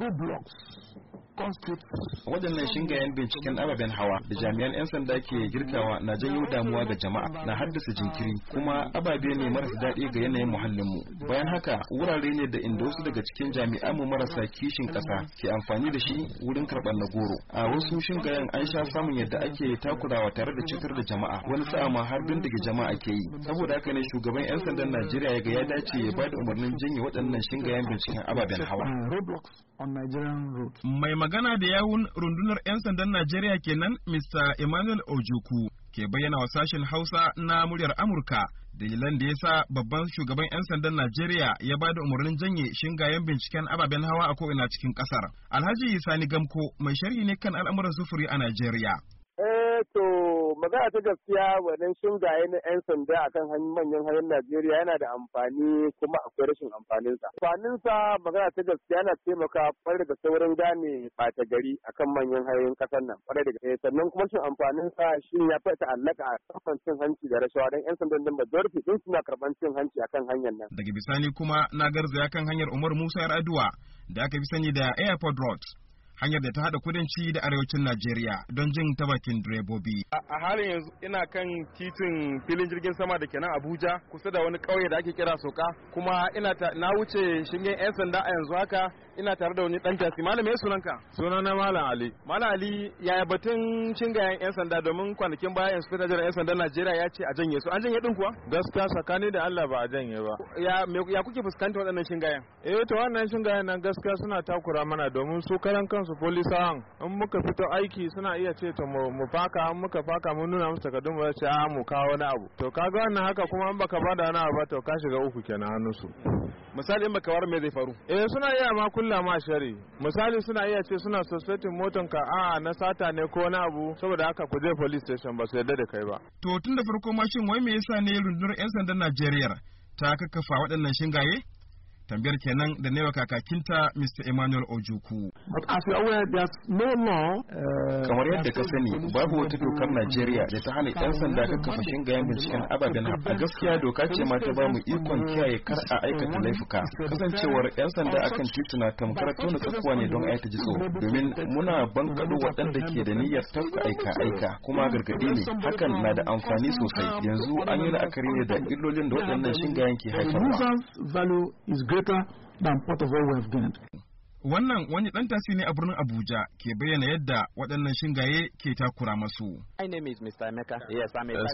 roadblocks waɗannan shingayen binciken ababen hawa da jami'an 'yan sanda ke girkawa na janyo damuwa ga jama'a na haddasa jinkiri kuma ababe ne marasa daɗi ga yanayin muhallinmu bayan haka wurare ne da inda wasu daga cikin jami'an mu marasa kishin ƙasa ke amfani da shi wurin karɓar na goro a wasu shingayen an sha samun yadda ake takurawa tare da cutar da jama'a wani sa'a ma har bindiga jama'a ke yi saboda haka ne shugaban 'yan sandan najeriya ya ga ya dace ya ba da umarnin janye waɗannan shingayen binciken ababen hawa mai magana da yawun rundunar 'yan sandan Najeriya kenan Mr. Emmanuel Ojuku ke bayyana wa sashen Hausa na muryar Amurka dalilan da ya sa babban shugaban 'yan sandan Najeriya ya ba da umarnin janye shingayen binciken ababen hawa a ko'ina cikin kasar. Alhaji Sani Gamko mai sharhi ne kan al'amuran sufuri a Najeriya. Eh to magana ta gaskiya wannan ga yin 'yan sanda akan manyan hanyar Najeriya yana da amfani kuma akwai rashin amfanin sa. amfanin sa magana ta gaskiya yana taimaka kwarai da saurin gane bata gari akan manyan hanyoyin kasar nan kwarai da gaske. Eh, sannan kuma amfanin sa shi ya fi ta'allaka a kamfan cin hanci da rashawa don 'yan sandan da majority din suna karban cin hanci akan hanyar nan. Daga bisani kuma na garzaya kan hanyar Umar Musa Yar'adua da aka fi sani da Airport Road. hanyar da ta haɗa kudanci da arewacin Najeriya don jin ta bakin direbobi. A halin yanzu ina kan titin filin jirgin sama da kenan Abuja kusa da wani ƙauye da ake kira Soka kuma ina na wuce shingen 'yan sanda a yanzu haka ina tare da wani dan jasi malam me sunanka sunana malam ali malam ali yaya batun cingayen yan sanda domin kwanakin baya inspector general yan sanda Najeriya ya ce a janye su an janye din kuwa gaskiya sakani da Allah ba a janye ba ya ya kuke fuskanta waɗannan cingayen eh to wannan cingayen nan gaskiya suna takura mana domin su karan kansu polisawan in muka fito aiki suna iya ce to mu faka an muka faka mun nuna musu takardun ba ce a ah, mu kawo wani abu to kaga wannan haka kuma an baka bada wani abu ba to ka shiga uku kenan hannun su misali in baka war me zai faru eh suna iya ma kulla ma shari misali suna iya ce suna suspecting motan ka a na sata ne ko na abu saboda haka ku je police station ba su yarda da kai ba to tun da farko ma shin wai me yasa ne rundunar yan sandan Najeriya ta kakkafa waɗannan shingaye Tambayar kenan da newa kakakinta Mr. Emmanuel Ojuku. Kamar yadda ka sani babu wata dokar Najeriya da ta hana 'yan sanda kakkafa shingayen binciken ababen a gaskiya doka ce ma ta bamu ikon kiyaye kar a aikata laifuka. Kasancewar 'yan sanda a akan tituna tamkar tona tsakuwa ne don aita jiso domin muna bankaɗo waɗanda ke da niyyar tafka aika-aika kuma gargaɗi ne hakan na da amfani sosai yanzu an yi la'akari ne da illolin da waɗannan shingayen ke haifarwa. greater than what of what we have gained. Wannan wani dan tasi ne a birnin Abuja ke bayyana yadda waɗannan shingaye ke takura masu. Eh,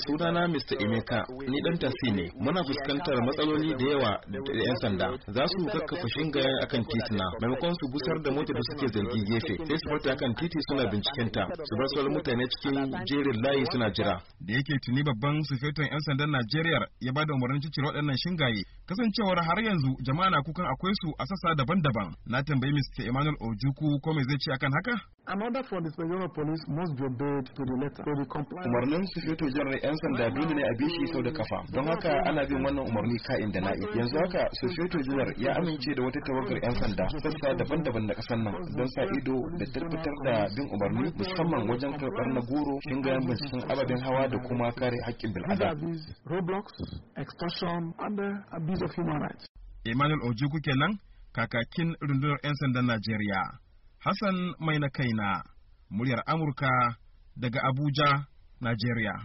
sunana Mr. Emeka, ni dan tasi ne. Muna fuskantar matsaloli da yawa da 'yan sanda. Za su kakkafa shingayen akan titina, maimakon su busar da mota da suke zargin gefe. Sai su farta akan titi suna binciken ta, su bar su mutane cikin jerin layi suna jira. Da yake tuni babban sufetan 'yan sandan Najeriya ya ba da umarnin cicire waɗannan shingaye. Kasancewar har yanzu jama'a na kukan akwai su a sassa daban-daban. Na tambayi Mr. Emmanuel Ojuku ko me zai ce akan haka? Another order for the Federal Police must be obeyed to the letter. To the Umarnin Sufeto General 'yan sanda dole ne a bi shi sau da kafa. Don haka ana bin wannan umarni ka'in da na'i. Yanzu haka Sufeto General ya amince da wata tawagar 'yan sanda sassa daban-daban da ƙasar nan don sa ido da tabbatar da bin umarni musamman wajen karɓar na goro, shingayen binciken ababen hawa da kuma kare haƙƙin bil'adama. Roblox, extortion, and abuse of human rights. Emmanuel Ojuku kenan kakakin rundunar 'yan sandan Najeriya, Hassan Mai na kaina, muryar Amurka daga Abuja, Najeriya.